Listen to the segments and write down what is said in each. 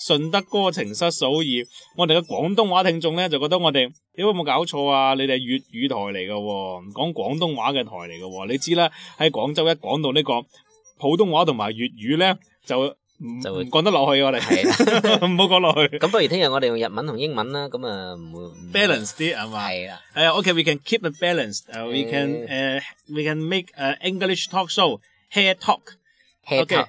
順德歌情失手熱，我哋嘅廣東話聽眾咧就覺得我哋，你會唔會搞錯啊？你哋係粵語台嚟嘅喎，唔講廣東話嘅台嚟嘅喎，你知啦，喺廣州一講到呢、呢個普通話同埋粵語咧，就唔講得落去，我哋唔好講落去。咁不如聽日我哋用日文同英文啦，咁啊唔會 balance 啲係嘛？係啊，係啊，OK，we can keep a balance，we、uh, uh, can，we、uh, can make a English talk show，hair talk，OK、okay。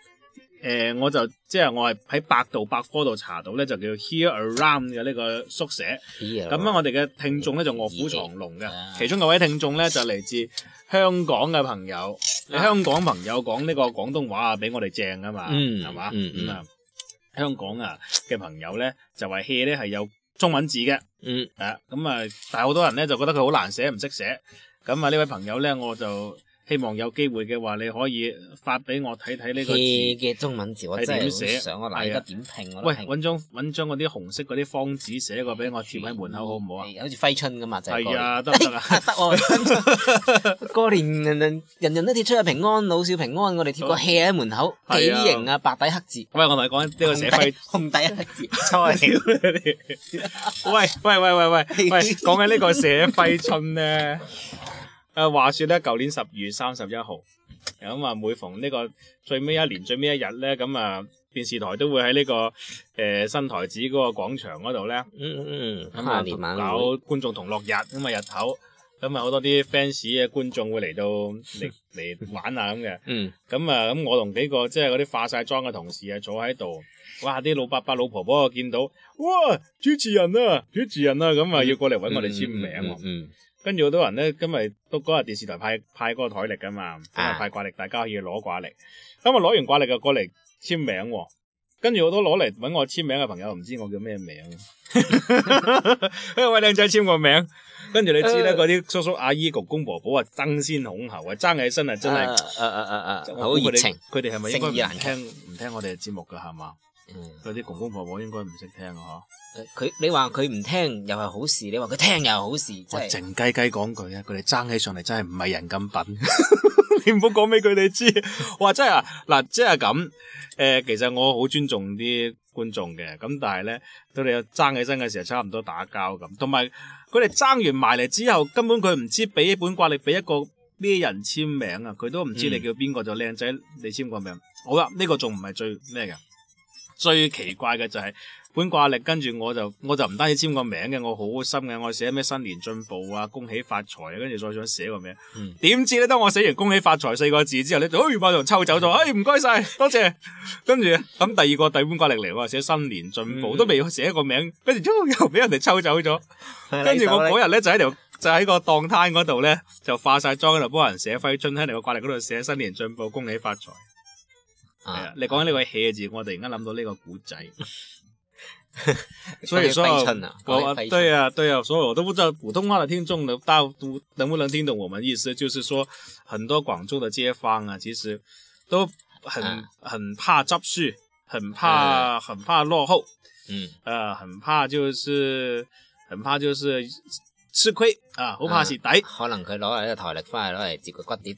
誒、呃，我就即係我係喺百度百科度查到咧，就叫 Here Around 嘅呢個縮寫。咁 Yeah. 我哋嘅聽眾咧就臥虎藏龍嘅，Yeah. 其中有位聽眾咧就嚟自香港嘅朋友。你 Yeah. 香港朋友講呢個廣東話啊，比我哋正啊嘛，係嘛？嗯，香港啊嘅朋友咧就話 Here 咧係有中文字嘅，嗯，啊、嗯。咁、嗯、啊，嗯、但係好多人咧就覺得佢好難寫，唔識寫。咁啊，呢位朋友咧我就。希望有機會嘅話，你可以發俾我睇睇呢個字嘅中文字，我真係好想我大家點拼喎？喂，揾張揾張嗰啲紅色嗰啲方紙寫個俾我貼喺門口，好唔好啊？好似揮春咁嘛，就係。係啊，得唔得得喎！過年人人人人都貼出啊平安，老少平安，我哋貼個氣喺門口，幾型啊？白底黑字。喂，我同你講呢個寫揮紅底黑字。喂喂喂喂喂喂，講緊呢個寫揮春咧。啊，話說咧，舊年十月三十一號，咁啊，每逢呢個最尾一年最一、最尾一日咧，咁啊，電視台都會喺呢、這個誒、呃、新台子嗰個廣場嗰度咧，嗯嗯，跨年晚會，咁搞觀眾同樂日，咁啊日頭，咁啊好多啲 fans 嘅觀眾會嚟到嚟嚟玩啊。咁嘅，嗯，咁啊咁我同幾個即係嗰啲化晒妝嘅同事啊坐喺度，哇，啲老伯伯、老婆婆啊見到，哇，主持人啊，主持人啊，咁、嗯、啊、嗯、要過嚟搵我哋簽名，嗯，嗯。嗯嗯跟住好多人咧，今日都嗰日電視台派派嗰個台曆噶嘛，派掛曆，大家要攞掛曆。咁啊攞完掛曆就過嚟簽名，哦，跟住好多攞嚟揾我簽名嘅朋友，唔知我叫咩名。誒位靚仔簽個名，跟住你知咧，嗰啲、啊、叔叔阿姨、公公婆婆啊爭先恐後啊， 爭起身啊真係啊啊啊啊！好熱情，佢哋係咪應該唔聽唔聽，聽我哋嘅節目噶係嘛？嗰啲、嗯、公公婆婆應該唔識聽啊！佢、嗯、你話佢唔聽又係好事，你話佢聽又係好事。我、呃、靜雞雞講句啊，佢哋爭起上嚟真係唔係人咁品， 你唔好講俾佢哋知。我話真係啊，嗱，即係咁，誒、呃，其實我好尊重啲觀眾嘅，咁但係咧，到你又爭起身嘅時候，差唔多打交咁。同埋佢哋爭完埋嚟之後，根本佢唔知俾本掛歷俾一個咩人簽名啊，佢都唔知你叫邊個、嗯、就靚仔你簽過名。好啦、啊，呢、呢個仲唔係最咩嘅。最奇怪嘅就係本掛歷。跟住我就我就唔單止簽個名嘅，我好心嘅，我寫咩新年進步啊，恭喜發財啊，跟住再想寫個名，點、嗯、知咧？當我寫完恭喜發財四個字之後咧，哎，我就抽走咗，哎，唔該晒，多謝。跟住咁第二個第二本掛歷嚟喎，寫新年進步、嗯、都未寫個名，跟住又俾人哋抽走咗。跟住我嗰日咧就喺條就喺個檔攤嗰度咧，就，就化晒妝喺度幫人寫，揮春喺你個掛歷嗰度寫新年進步，恭喜發財。係啊！你講緊呢位 hea 字，我突然間諗到呢個古仔，啊、所以說我， 說說我對啊對啊，所以我都不知道普通話嘅聽眾能到都能不能聽懂我們意思，就是說，很多廣州嘅街坊啊，其實都很、啊、很怕執輸，很怕、啊、很怕落後，嗯，誒、啊，很怕就是很怕就是吃虧啊，好怕蝕底，啊、可能佢攞嚟呢個台力翻嚟攞嚟接個骨碟。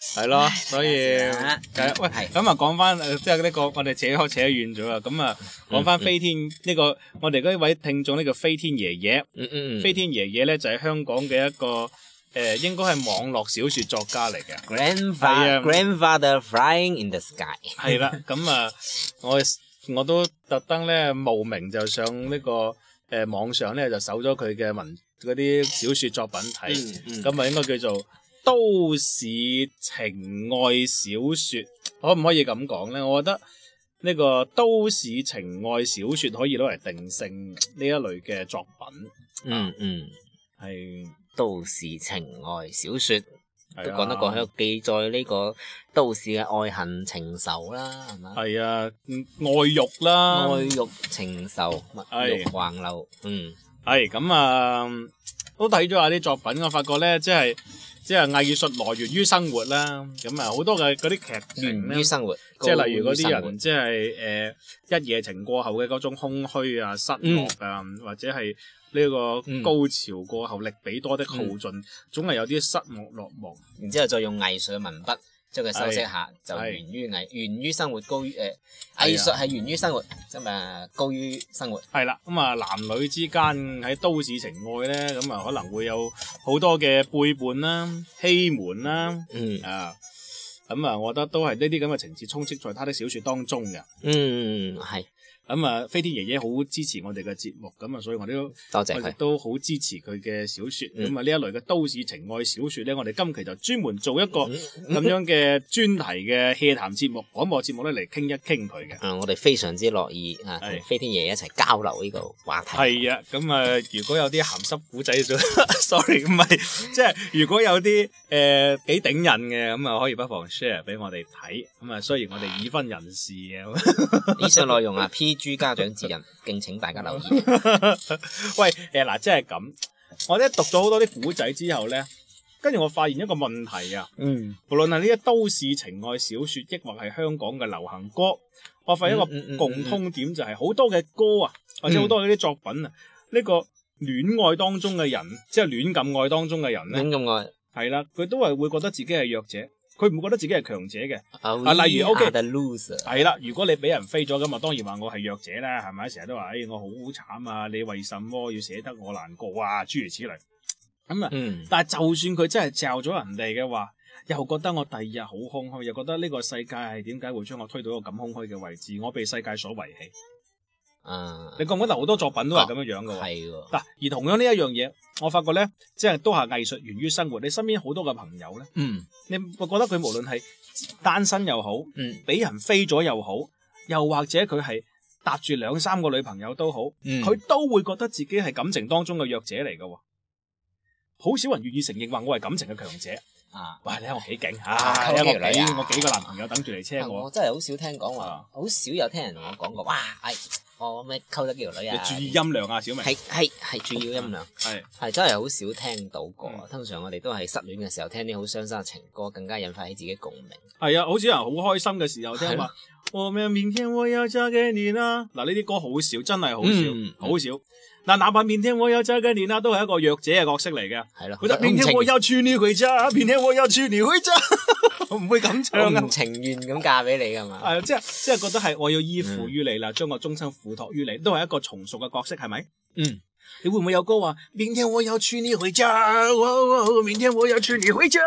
係咯，所以試試喂，咁啊的，講翻即係呢、呢個，我哋扯開扯遠咗啦，咁啊，講翻飛天呢、嗯嗯呢個，我哋嗰位聽眾呢個飛天爺爺，嗯嗯飛、嗯、天爺爺咧就係香港嘅一個誒、呃，應該係網絡小說作家嚟嘅，grandfather 的 grandfather flying in the sky，係啦，咁 啊，我我都特登咧慕名就上呢、呢個誒、呃、網上咧就搜咗佢嘅文嗰啲小說作品睇，咁啊、嗯嗯、應該叫做。都市情愛小說可唔可以咁講咧？我覺得呢個都市情愛小說可以攞嚟定性呢一類嘅作品。嗯嗯，係、嗯、是都市情愛小說、啊、都講得過去，記載呢個都市嘅愛恨情仇啦，係嘛？係啊，愛慾啦，愛慾情仇，愛是慾橫流。是嗯，係咁啊，都睇咗下啲作品，我發覺咧，即係。即係藝術來源於生活啦，咁啊好多嘅嗰啲劇源、嗯、於生活，即係例如嗰啲人即係誒一夜情過後嘅嗰種空虛啊、失落啊，嗯、或者係呢個高潮過後、嗯、力比多的耗盡，嗯、總係有啲失落落亡。然之後再用藝術嘅文筆。將佢修飾下，的就源於藝的源於生活高於誒，藝術係源於生活，咁啊高於生活係啦。咁啊的，男女之間喺都市情愛咧，咁啊可能會有好多嘅背叛啦、欺瞞啦，嗯啊，咁啊，我覺得都係呢啲咁嘅情節充斥在他的小說當中嘅，嗯係。是咁啊，飛天爺爺好支持我哋嘅節目，咁啊，所以我，多謝佢都，我亦都好支持佢嘅小説。咁啊、嗯，呢一類嘅都市情愛小説咧，我哋今期就專門做一個咁樣嘅專題嘅嘅談節目、廣、嗯、 播節目咧嚟傾一傾佢嘅。嗯，我哋非常之樂意啊，同飛是天爺爺一齊交流呢個話題。係啊，咁啊、呃，如果有啲鹹濕古仔，sorry，唔係，即係如果有啲誒幾頂癮嘅，咁啊，可以不妨 share 俾我哋睇。咁啊，雖然我哋已婚人士啊， 以上內容啊 朱家長之人，敬請大家留意。 喂，誒、呃、嗱，即係咁，我咧讀咗好多啲古仔之後咧，跟住我發現一個問題啊。嗯。無論係呢啲都市情愛小說，抑或係香港嘅流行歌，我發現一個共通點就係好多嘅歌啊，或者好多嗰啲作品啊，呢、這個戀愛當中嘅人，即、就、係、是、戀感情愛當中嘅人咧。戀感情愛。係啦，佢都係會覺得自己係弱者。佢唔會覺得自己係強者嘅，啊，I will 例如 O.K. loser 係啦，如果你俾人飛咗咁啊，當然話我係弱者啦，係咪？成日都話，哎，我好慘啊！你為什麼要捨得我難過啊？諸如此類。咁啊，mm. 但係就算佢真係罩咗人哋嘅話，又覺得我第二日好空虛，又覺得呢個世界係點解會將我推到一個咁空虛嘅位置？我被世界所遺棄。啊！你覺唔覺得好多作品都係咁樣樣噶。係嗱，是的而同樣呢一樣嘢，我發覺咧，即係都係藝術源於生活。你身邊好多嘅朋友咧，嗯，你會覺得佢無論係單身又好，嗯，俾人飛咗又好，又或者佢係搭住兩三個女朋友都好，嗯，佢都會覺得自己係感情當中嘅弱者嚟噶。好少人願意承認話我係感情嘅強者啊！哇，你睇我幾勁吓？我幾個男朋友等住嚟車我，我真係好少聽講話，好的少有聽人同我講過。哇，哎。我咩溝得幾條女啊？你注意音量啊，小明。係係係，注意音量。係係、啊、真係好少聽到過，是通常我哋都係失戀嘅時候聽啲好傷心嘅情歌，更加引發起自己共鳴。係啊，好少人好開心嘅時候聽話。嗎我明明天我要嫁給你啦、啊。嗱呢啲歌好少，真係好少，嗯、好少。嗱，哪怕明天我有嫁嘅年啦，都係一個弱者嘅角色嚟嘅，係啦。佢明天我要娶你回家，明天我要娶你回家，唔會咁唱啊。唔情願咁嫁俾你噶嘛？係即係即係覺得係我要依附於你啦，將我終身付託於你，都係一個從屬嘅角色，係咪？嗯。你會唔會有歌話？明天我要娶你回家，哇！明天我要娶你回家。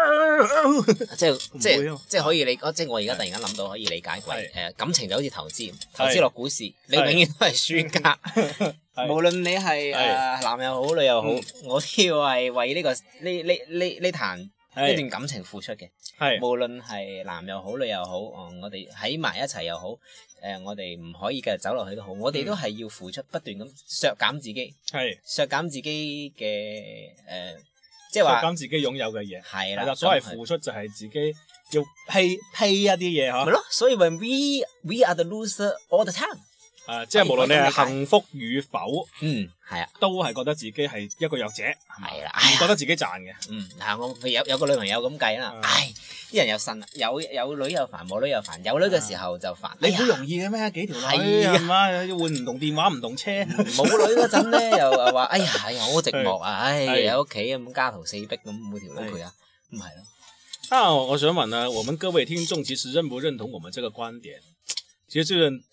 即係即係即係可以理即係我而家突然間諗到可以理解為，誒，感情就好似投資，投資落股市，你永遠都係輸家。是無論你係誒男又好女又好，是嗯、我都要係為呢、這個呢呢呢呢壇呢段感情付出嘅。係是無論係男又好女又好，我哋喺埋一齊又好，誒，我哋唔可以繼續走落去都好，我哋都係要付出，不斷咁削減自己。係削減自己嘅誒、呃，即係話削減自己擁有嘅嘢。係啦，所謂付出就係自己要批批一啲嘢吓。咪咯，所以 when we we are the loser all the time。誒，即係無論你係幸福與否，嗯，係啊，都係覺得自己係一個弱者，係啊，唔覺得自己賺嘅，嗯，吓我有有個女朋友咁計啦，唉，啲人又信，有有女又煩，冇女又煩，有女嘅時候就煩，你好容易嘅咩？幾條女係嘛，換唔同電話唔同車，冇女嗰陣咧又話，哎呀，哎呀，好寂寞啊，唉，喺屋企咁家徒四壁咁，冇條女陪啊，唔係咯。啊，我想問一問，我們各位聽眾，其實認唔認同我們這個觀點？其實最～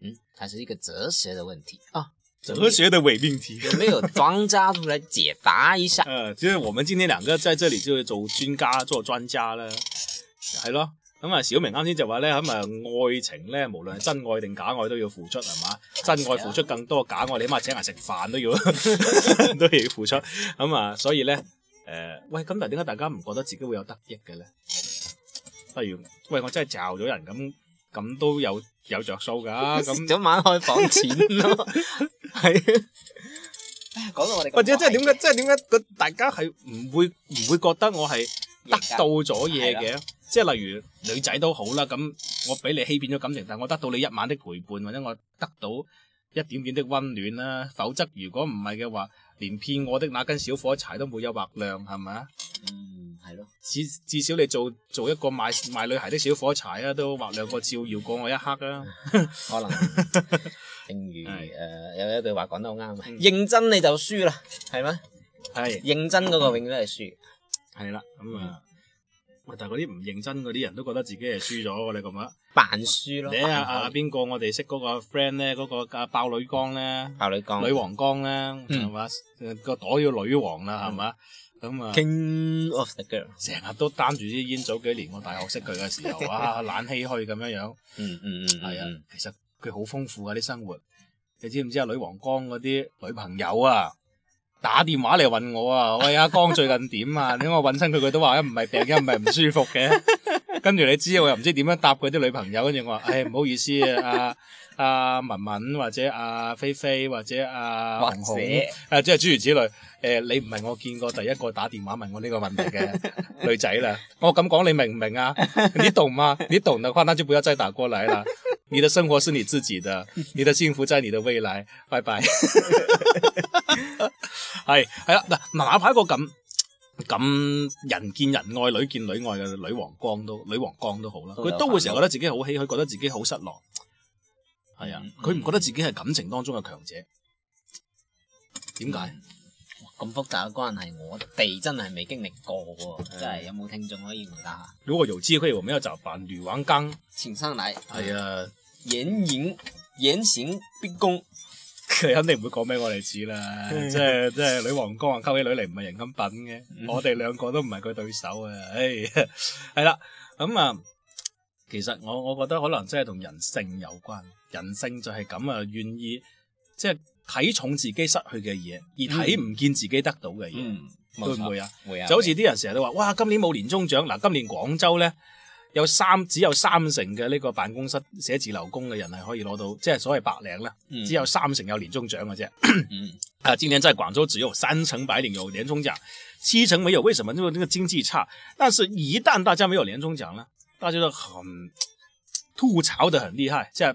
嗯，它是一個哲學的問題啊，哲學的偽命題，有沒有專家出來解答一下？呃，其實我們今天兩個在這裏就會做專家，做專家啦，係咯。咁啊，小明啱先就話咧，咁啊，愛情咧，無論係真愛定假愛都要付出係嘛？嗯、真愛付出更多，嗯、假愛你起碼請人食飯都要， 都要付出。咁、嗯、啊，所以咧，誒、呃，喂，咁但係點解大家唔覺得自己會有得益嘅咧？不如，喂，我真係嚼咗人咁。咁都有有着數噶，咁一晚開房錢咯，係啊！講到我哋，或者即係點解，即係點解個大家係唔會唔會覺得我係得到咗嘢嘅？即係例如女仔都好啦，咁我俾你欺騙咗感情，但我得到你一晚的陪伴，或者我得到一點點的溫暖啦。否則如果唔係嘅話，連騙我的那根小火柴都沒有劃亮，係咪啊？嗯，係咯。至至少你做做一個賣賣女孩的小火柴啊，都劃兩個照耀過我一刻啦。 可能正如誒 的、呃、有一句話講得好啱，嗯、認真你就輸啦，係咩？係的。認真嗰個永遠都係輸。係啦，咁、嗯、啊。嗯但係嗰啲唔認真嗰啲人都覺得自己係輸咗喎，你咁樣扮輸咯！輸你阿啊邊個？我哋識嗰個 friend 咧，嗰個爆女光咧，爆女光、女皇光咧，係嘛？個袋要女皇啦，係嘛、嗯？咁啊、嗯、麼，King of the Girl，成日都擔住啲煙。早幾年我大學識佢嘅時候， 啊，懶氣去咁樣樣、嗯。嗯嗯嗯，係啊，其實佢好豐富啊啲生活。你知唔知啊？女皇光嗰啲女朋友啊？打電話嚟問我啊，喂，阿江最近點啊？點解我搵親佢，佢都話唔係病，一唔係唔舒服嘅。跟住你知我又唔知點樣答佢啲女朋友，跟住我話，唉、哎、唔好意思啊，阿、啊啊、文文或者阿、啊、菲菲或者阿、啊、紅紅，即係諸如此類。誒、欸，你唔係我見過第一個打電話問我呢個問題嘅女仔啦，我咁講你明唔明啊？你懂嗎、啊？你懂得翻單就不要再打過嚟啦。你的生活是你自己的，你的幸福在你的未來。拜拜。係啊。嗱，哪排個咁咁人見人愛、女見女愛嘅女王光都女王光都好啦，佢都會成日覺得自己好唏噓，覺得自己好失落。係啊，佢唔、嗯、覺得自己係感情當中嘅強者，點解？嗯咁複雜嘅關係，我哋真係未經歷過喎，即係的有冇聽眾可以回答下？如果有機會，我們要 就扮、是就是、女王剛前生嚟。係啊，嚴嚴嚴刑逼供，佢肯定唔會講俾我哋知啦。即係即係女王剛啊，溝起女嚟唔係人咁品嘅，我哋兩個都唔係佢對手啊。唉、 哎，係啦，咁啊，其實我我覺得可能真係同人性有關，人性就係咁啊，願意即係。就是睇重自己失去嘅嘢，而睇唔見自己得到嘅嘢，會唔、嗯、會啊，會啊！就好似啲人成日都話，啊、哇，今年冇年終獎嗱、啊，今年廣州咧有三只有三成嘅呢個辦公室寫字樓工嘅人係可以攞到，即係所謂白領啦，只有三成有年終獎嘅啫。啊、嗯， 今年真係廣州只有三成白領有年終獎，七成沒有。為什麼？呢個經濟差。但係一旦大家冇有年終獎咧，大家都很吐槽得很厲害，即係。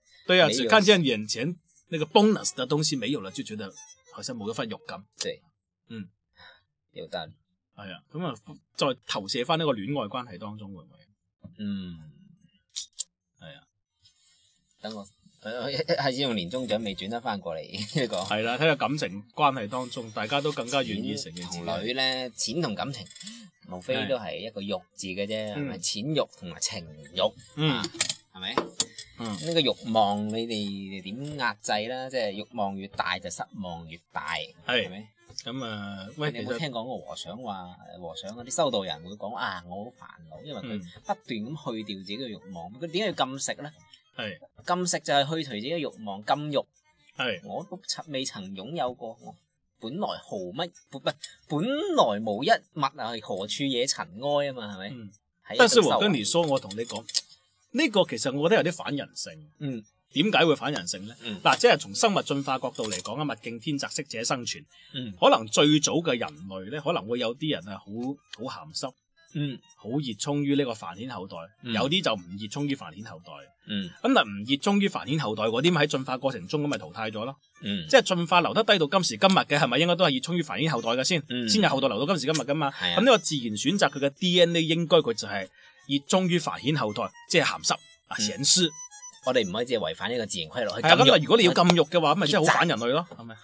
對啊，有只看見眼前那個 bonus 的東西沒有了，就覺得好像冇一忽肉咁。對是，嗯，有道理。呀，咁啊，那再投射翻呢個戀愛關係當中會唔會？是是嗯，係啊。等我，我一係用年終獎未轉得翻過嚟呢個。係啦、啊，睇下感情關係當中，大家都更加願意成全。同女咧，錢同感情，無非都係一個欲字嘅啫，係咪是？錢欲同埋情欲，嗯，係咪？嗯啊是呢、嗯、個欲望，你哋點壓制啦？即、就、係、是、欲望越大，就失望越大，係咪？咁啊，喂，你有冇聽講過和尚話？和尚嗰啲修道人會講：啊，我好煩惱，因為佢不斷咁去掉自己嘅欲望。佢點解要禁食咧？係是禁食就係去除自己嘅欲望，禁欲。係是我都未曾擁有過，我本來毫乜，本來,本來無一物啊，何處惹塵埃啊？嘛係咪？但是我,說我跟住你講，我同你講。呢個其實我覺得有啲反人性，嗯，點解會反人性呢？嗯，嗱，即係從生物進化角度嚟講啊，物競天擇，適者生存，嗯，可能最早嘅人類呢可能會有啲人係，好好鹹濕，嗯，好熱衷於呢個繁衍後代，嗯、有啲就唔熱衷於繁衍後代，嗯，咁嗱唔熱衷於繁衍後代嗰啲，喺進化過程中咁咪淘汰咗咯，嗯，即係進化留得低到今時今日嘅係咪應該都係熱衷於繁衍後代嘅先，先、嗯、有後代留到今時今日噶嘛，咁呢、嗯、個自然選擇佢嘅 DNA 應該佢就係、是。熱衷於繁衍後代，即係鹹濕啊！引屍，我哋唔可以只係違反呢個自然規律去禁欲。咁啊！如果你要禁欲嘅話，咁咪即係好反人類咯。係咪？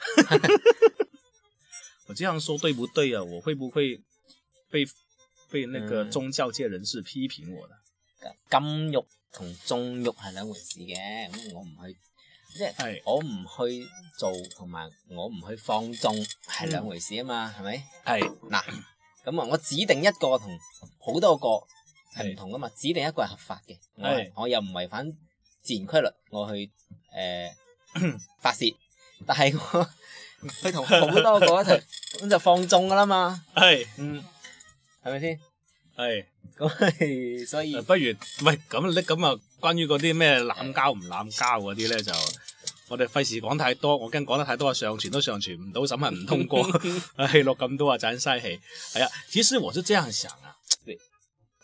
我這樣說對唔對啊？我會不會被被那個宗教界人士批評我？嘅禁欲同縱欲係兩回事嘅，咁我唔去，即係我唔去做，同埋我唔去放縱係兩回事啊嘛，係咪？係嗱，咁啊，我指定一個同好多個。係唔同㗎嘛？指定一個係合法嘅，我是的 我又唔違反自然規律，我去誒、呃、 發洩，但係我佢同好多個一齊咁 就放縱㗎啦嘛。係，是的 嗯，係咪先？係，咁所以不如喂，係咁？呢咁啊，關於嗰啲咩濫交唔濫交嗰啲咧，就我哋費事講太多，我驚講得太多，上傳都上傳唔到，審核唔通過，唉，落咁多啊，真係嘥氣。係啊，其實我都係咁樣想啊。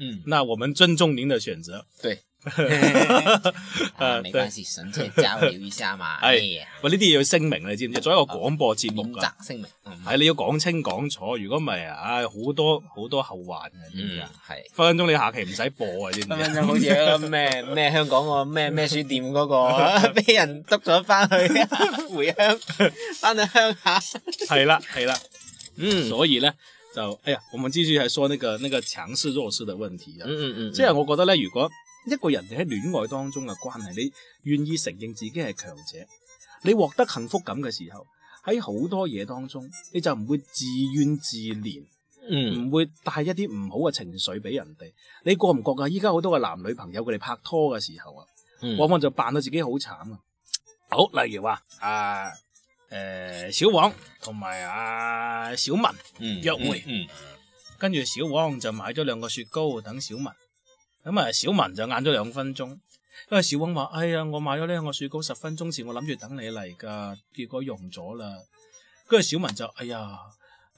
嗯，那我們尊重您的選擇。對，啊，沒關係，順便交流一下嘛。哎，我呢啲要聲明你知唔知？做一個廣播節目噶聲明，係你要講清講楚，如果唔係啊，唉，好多好多後患嘅，知唔知係，分分鐘你下期唔使播嘅，知唔知？分分鐘好似嗰個咩咩香港個咩咩書店嗰個，俾人捉咗翻去回鄉，翻到鄉下。係啦係啦，嗯，所以咧。就，哎呀，我們繼續係說那個、那個強勢弱勢的問題啊、嗯。嗯嗯即係我覺得呢，如果一個人喺戀愛當中嘅關係，你願意承認自己係強者，你獲得幸福感嘅時候，喺好多嘢當中，你就唔會自怨自憐，嗯，唔會帶一啲唔好嘅情緒俾人哋。你覺唔覺啊？依家好多嘅男女朋友佢哋拍拖嘅時候啊，嗯、往往就扮到自己好慘啊。好，例如話啊，啊。誒、呃，小黃同埋阿小文、嗯、約會，嗯嗯、跟住小黃就買咗兩個雪糕等小文，咁啊小文就晏咗兩分鐘，跟住小黃話：哎呀，我買咗呢兩個雪糕十分鐘前，我諗住等你嚟噶，結果溶咗啦。跟住小文就：哎呀，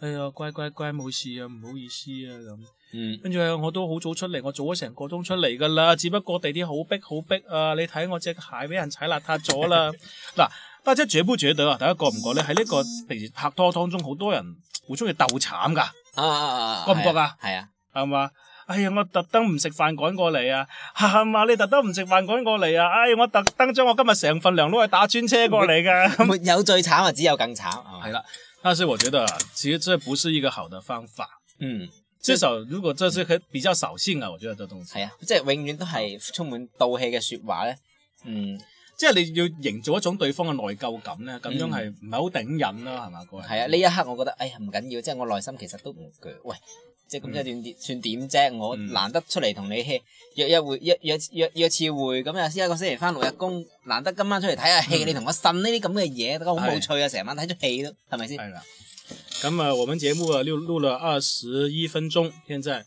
哎呀，乖乖，乖，乖，冇事啊，唔好意思啊咁。嗯，跟住我都好早出嚟，我早咗成個鐘出嚟噶啦，只不過地啲好逼好逼啊，你睇我隻鞋俾人踩邋遢咗啦，嗱。 大家，大家覺不覺得啊、這個？大家覺唔覺咧？喺呢個平時拍拖當中，好多人會中意鬥慘噶，啊啊啊啊覺唔覺啊？係啊，係嘛、啊？哎呀，我特登唔食飯趕過嚟啊！係嘛，你特登唔食飯趕過嚟啊？哎，我特登將我今日成份糧攞去打專車過嚟噶。沒有最慘，啊只有更慘。係啦、哦啊，但是我覺得，其實這不是一個好的方法。嗯，至少如果這是比較掃興啊，嗯、我覺得這東西。係啊，即係永遠都係充滿道氣嘅說話咧。嗯。即係你要營造一種對方嘅內疚感咧，咁樣係唔係好頂忍咯？係嘛、嗯，各位？係啊，呢一刻我覺得，哎呀，唔緊要，即係我內心其實都唔鋸。喂，即係咁，即係算點算點啫？嗯、我難得出嚟同你 hea 約一會，約約約約次會，咁啊先一個星期返六日工，難得今晚出嚟睇下戲，嗯、你同我呻呢啲咁嘅嘢，大家好冇趣啊！成晚睇咗戲咯，係咪先？係啦。咁啊，我哋節目啊錄錄了二十一分鐘，現在。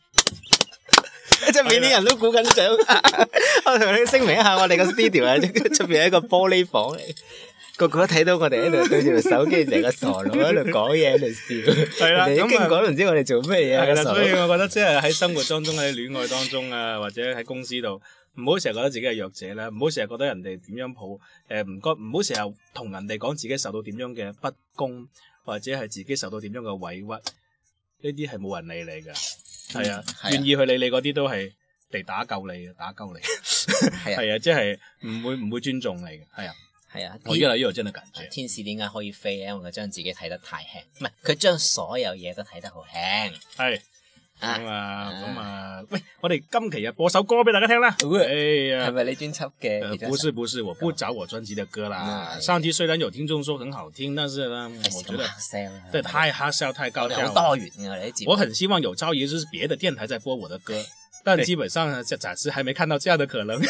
即係每啲人都鼓緊掌，的啊、 我同你聲明一下，我哋個 studio 係出邊係一個玻璃房嚟，個個都睇到我哋喺度對住部手機成 個傻佬喺度講嘢喺度笑，你的一講都唔知我哋做咩嘢嘅傻佬。所以我覺得即係喺生活當中喺戀 愛當中啊，或者喺公司度，唔好成日覺得自己係弱者啦，唔好成日覺得人哋點樣抱，誒唔覺唔好成日同人哋講自己受到點樣嘅不公，或者係自己受到點樣嘅委屈。呢啲係冇人理你㗎，係、嗯、啊，係啊，願意去理你嗰啲都係嚟打救你嘅，打救你，係啊，即係唔會唔會尊重你嘅，係啊，係啊，我越嚟越有真係感覺，天使點解可以飛咧？我將自己睇得太輕，唔係佢將所有嘢都睇得好輕，係、啊。咁、嗯、啊，咁、嗯啊，嗯、啊，喂，我哋今期啊播首歌俾大家聽啦，嗯、哎呀，係咪你專輯嘅？唔、呃、不是不是，我不找我專輯嘅歌啦。啊、上期雖然有聽眾說很好聽，但是呢，嗯、我覺得，試試啊、對，太 high 燒太高了，好多元啊！啲節我很希望有朝一日是別的電台再播我的歌，但基本上、哎、暫時還沒看到這樣的可能。哎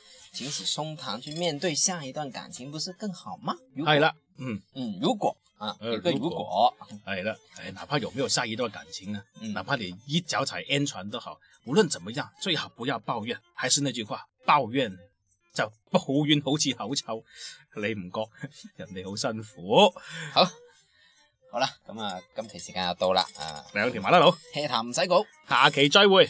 挺起胸膛去面對下一段感情，不是更好嗎？係啦，嗯嗯，如果啊，呃、如果，係啦，哎，哪怕有沒有下一段感情啊，嗯、哪怕你一腳踩安船都好，無論怎麼樣，最好不要抱怨。還是那句話，抱怨就抱怨，好似口臭，你唔覺人哋好辛苦。好，好啦，咁、嗯、啊，今期時間又到啦啊，兩條麻甩佬，吃糖唔使講，下期再會。